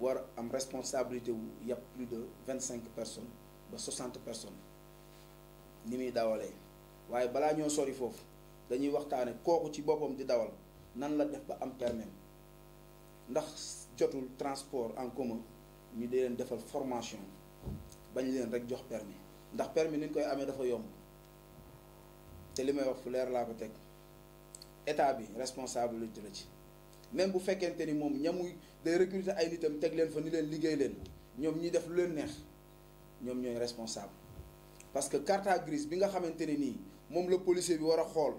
war am responsabilité wu yàpp plus de 25 personnes ba 60 personnes ni muy dawalee waye bala ñoo sori fofu dañuy waxtane kooku ci boppam di dawal nan la def ba am permis ndax jotul transport en commun ñu di leen defal formation bañ leen rek jox permis ndax permis ni koy amé dafa yomb té limay wax fu leer la ko teg état bi responsabilité la ci même bu fekkente ni moom ñamuy day recruter ay nitam teg leen fa ni leen liggéey leen ñoom ñuy def lu leen neex ñoom ñooy responsable parce que carte grise bi nga xamante ne nii moom la policier bi war a xool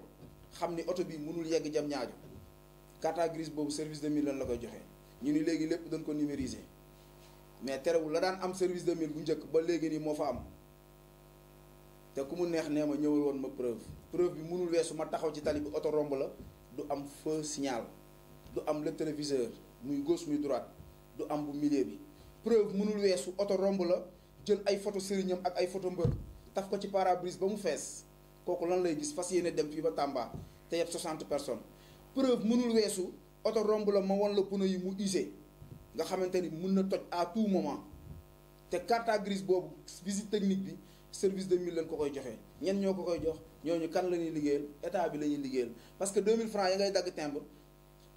xam ni oto bi mënul yegg jam ñaajo carte grise boobu service de mille lan la koy joxe ñu ni léegi lépp dañ ko numériser mais terewul la daan am service de mille bu njëkk ba léegi nii moo fa am te ku mu neex nee ma ñëwal woon ma preuve preuve bi mënul weesu ma taxaw ci tali bi oto la du am feu signal du am le téléviseur muy gauche muy droite du am bu milieu bi preuve mënul weesu auto romb la jël ay photo sëriñam ak ay photo mbeur taf ko ci parabrise ba mu fess kooku lan lay gis fas dem fi ba Tamba te yeb 60 personnes preuve mënul weesu auto romb la ma won le pneu yi mu usé nga xamanteni mën na toj à tout moment te carte grise bobu visite technique bi service de mille len ko koy joxe ñen ñoko koy jox ñooñu kan lañuy ñuy liggéeyal état bi lañuy ñuy liggéeyal parce que 2000 francs ya ngay dagg timbre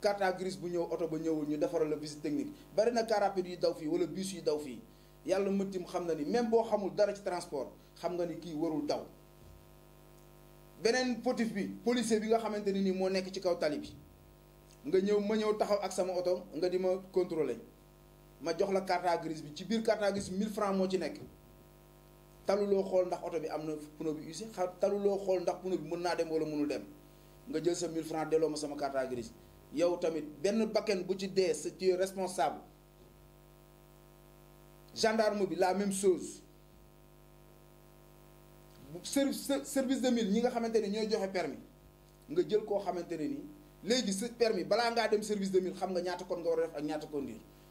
carte grise bu ñew auto ba ñëwul ñu defaral la visite technique bari na car yu daw fi wala bus yu daw fi yalla mutim xam na ni même bo xamul dara ci transport xam nga ni ki warul daw benen potif bi policier bi nga xamanteni ni mo moo nekk ci kaw tali bi nga ñew ma ñew taxaw ak sama auto nga dima contrôler ma jox la carte grise bi ci biir carte grise 1000 francs mo ci nekk lo xol ndax auto bi amna na pneu bi usé talu lo xol ndax pneu bi mëna dem wala mënul dem nga jël sa 1000 francs delloo ma sama carte grise yow tamit benn bakken bu ci dee c'est tu es responsable gendarme bi la même chose service de mille ñi nga xamante ni ñooy joxe permis nga jël koo xamante ni léegi sa permis balaa ngaa dem service de mille xam nga ñaata kon nga war a def ak ñaata conduire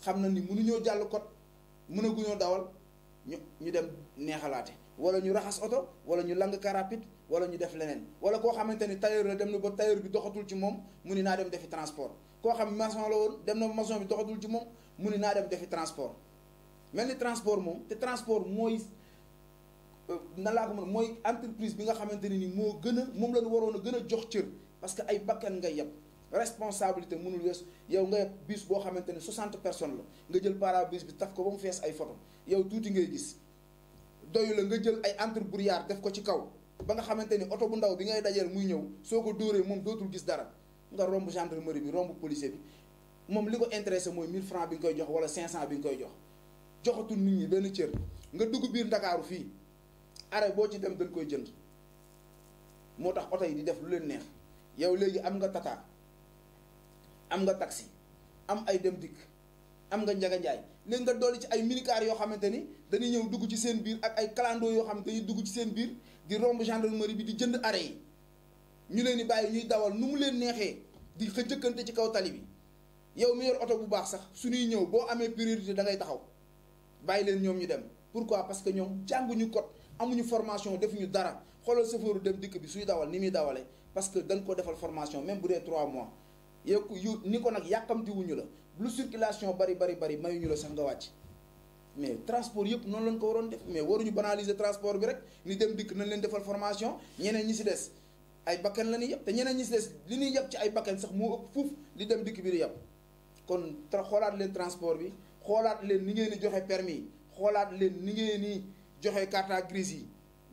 xam na ni mënuñoo jàll kot mënaguñoo dawal ñu ñu dem neexalaate wala ñu raxas oto wala ñu lang car wala ñu def leneen wala koo xamante tailleur la dem na ba tailleur bi doxatul ci moom mu ni dem defi transport koo xam maçon la woon dem na ba maçon bi doxatul ci moom mu ni dem defi transport mel transport moom te transport mooy nan laa ko mën mooy entreprise bi nga xamante ni moo gën a la ñu waroon a jox cër parce que ay bakkan ngay yeb responsabilité mënul wess yow nga bus bo xamanteni 60 personnes la nga jël parabus bi taf ko bam fess ay photo yow touti ngay gis doyu la nga jël ay entrepreneur def ko ci kaw ba nga xamanteni auto bu ndaw bi ngay dajel muy ñew soko ko mom dotul gis dara nga romb gendarmerie bi romb policier bi mom liko intéressé 1000 francs bi nga koy jox wala 500 bi nga koy jox joxatul nit ñi ben cieur nga dugg biir dakaru fi arrêt bo ci dem dañ koy jënd motax auto yi di def lu leen neex yow léegi am nga tata am nga taxi am ay dem dikk am nga njaga njaay léegi nga dolli ci ay minicar yoo xamante ni dañuy ñëw dugg ci seen biir ak ay clando yoo xam ne dañuy dugg ci seen biir di romb gendarmerie bi di jënd arrêt yi ñu leen di bàyyi ñuy dawal nu mu leen neexee di xëccëkkante ci kaw tali bi yow mi yor oto bu baax sax suñuy ñëw boo amee priorité da ngay taxaw bàyyi leen ñoom ñu dem pourquoi parce que ñoom jànguñu code amuñu formation defuñu dara xoolal chauffeur dem dikk bi suy dawal ni muy dawale parce que dañ ko defal formation même bu dee 3 mois yow yu ni ko nag yàkkamtiwuñu la lu circulation bari bari bari mayuñu la sax nga wàcc mais transport yëpp noonu lañ ko waroon def mais waruñu banaliser transport bi rek ni dem dikk nañ leen defal formation ñeneen ñi si des ay bakkan la ñuy yëpp te ñeneen ñi si des li ñuy yëpp ci ay bakkan sax moo ëpp fuuf li dem dikk bi di yëpp kon tra xoolaat leen transport bi xoolaat leen ni ngeen di joxe permis yi xoolaat leen ni ngeen di joxe carte grise yi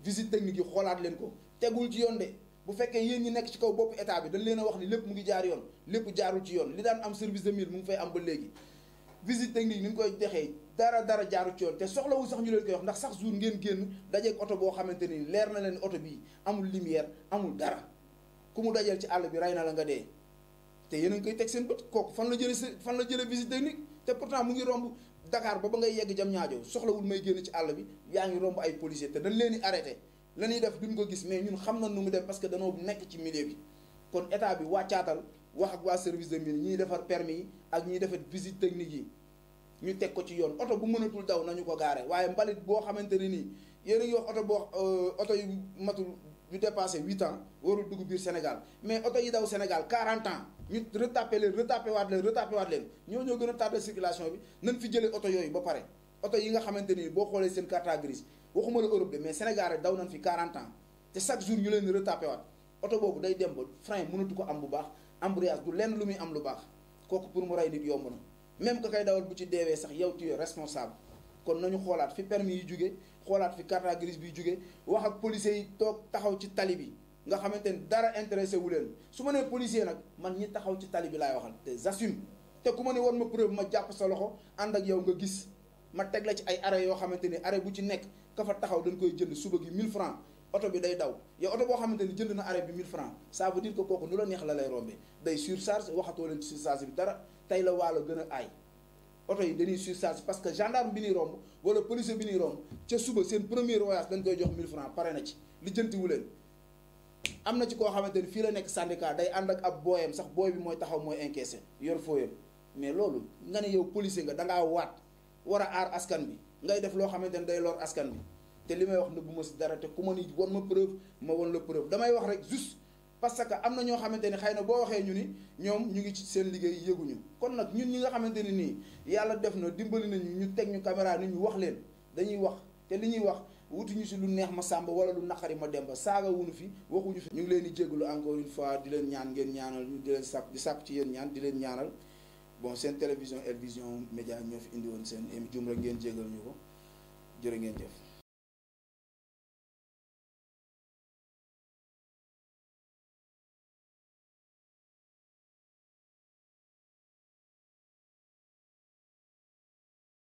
visite technique yi xoolaat leen ko tegul ci yoon de. bu fekkee yéen ñi nekk ci kaw bopp état bi dañ leen a wax ni lépp mu ngi jaar yoon lépp jaarul ci yoon li daan am service de mille mu ngi fay am ba léegi visite technique ni ñu koy dexee dara dara jaaru ci yoon te soxlawul sax ñu leen koy wax ndax chaque jour ngeen génn dajeeg oto boo xamante ni leer na leen oto bii amul lumière amul dara ku mu dajal ci àll bi rey na la nga dee te yéen a koy teg seen bët kooku fan la jëlee fan la jëlee visite technique te pourtant ngi romb Dakar ba ba ngay yegg jam ñaajo soxlawul may génn ci àll bi yaa ngi romb ay policier dañ leen di arrêté lañuy def duñ ko gis mais ñun xam na nu mu def parce que danoo nekk ci milieu bi kon état bi wàccaatal wax ak waa service de mine ñuy defar permis yi ak ñuy defar visite technique yi ñu teg ko ci yoon oto bu mënatul daw nañu ko gaare waaye mbalit boo xamante ne nii yéen a ngi wax oto boo euh, oto yu matul ñu dépassé huit ans warul dugg biir Sénégal mais oto yi daw Sénégal quarante ans ñu retapé leen retapé waat leen retapé waat leen ñoo ñoo gën a tardé circulation bi nañ fi jëlee oto yooyu ba pare oto yi nga xamante ni boo xoolee seen carte grise waxuma la Europe de mais Sénégal daw nañ fi 40 ans te chaque jour ñu leen di retapé waat oto boobu day dem ba frein mënatu ko am bu baax embrayage du lenn lu muy am lu baax kooku pour mu rey nit yomb na même que kay dawal bu ci deewee sax yow tu es responsable kon nañu xoolaat fi permis yi jóge xoolaat fi carte grise bi jóge wax ak policiers yi toog taxaw ci tali bi nga xamante ni dara intéressé wu leen su ma nee policier nag man ñi taxaw ci tali bi laay waxal te j'assume te ma ne war ma preuve ma jàpp sa loxo ànd ak yow nga gis ma la ci ay arrêt yoo xamante ni arrêt bu ci nekk ka fa taxaw dañ koy jënd suba gi 1000 francs oto bi day daw yow oto boo xamante ni jënd na arrêt bi 1000 francs ça veut dire que kooku nu la neex la lay rombe day surcharge waxatoo leen ci surcharge bi dara tey la waalo gën a aay oto yi dañuy surcharge parce que gendarme bi ñuy romb wala police bi ñuy romb ca suba seen premier voyage dañ koy jox 1000 francs pare na ci li jëntiwu leen am na ci koo xamante ni fii la nekk syndicat day ànd ak ab booyam sax booy bi mooy taxaw mooy encaissé yor fooyam mais loolu nga ne yow policier nga da dangaa waat war a aar askan bi ngay def loo xamante ne day lor askan bi te li may wax nëbbu ma si dara te ku ma ni won ma preuve ma won la preuve damay wax rek juste parce que am na ñoo xamante ni xëy na boo waxee ñu ni ñoom ñu ngi ci seen liggéey yëguñu kon nag ñun ñi nga xamante ni nii yàlla def na dimbali nañu ñu teg ñu caméra ni ñu wax leen dañuy wax te li ñuy wax wutuñu si lu neex ma sàmba wala lu naqari ma demba saaga wuñu fi waxuñu fi. ñu ngi leen di jégalu encore une fois di leen ngeen ñaanal ñu di leen ci yéen ñaan di leen ñaanal. bon c'est une télévision une Vision Média ñoo indi woon seen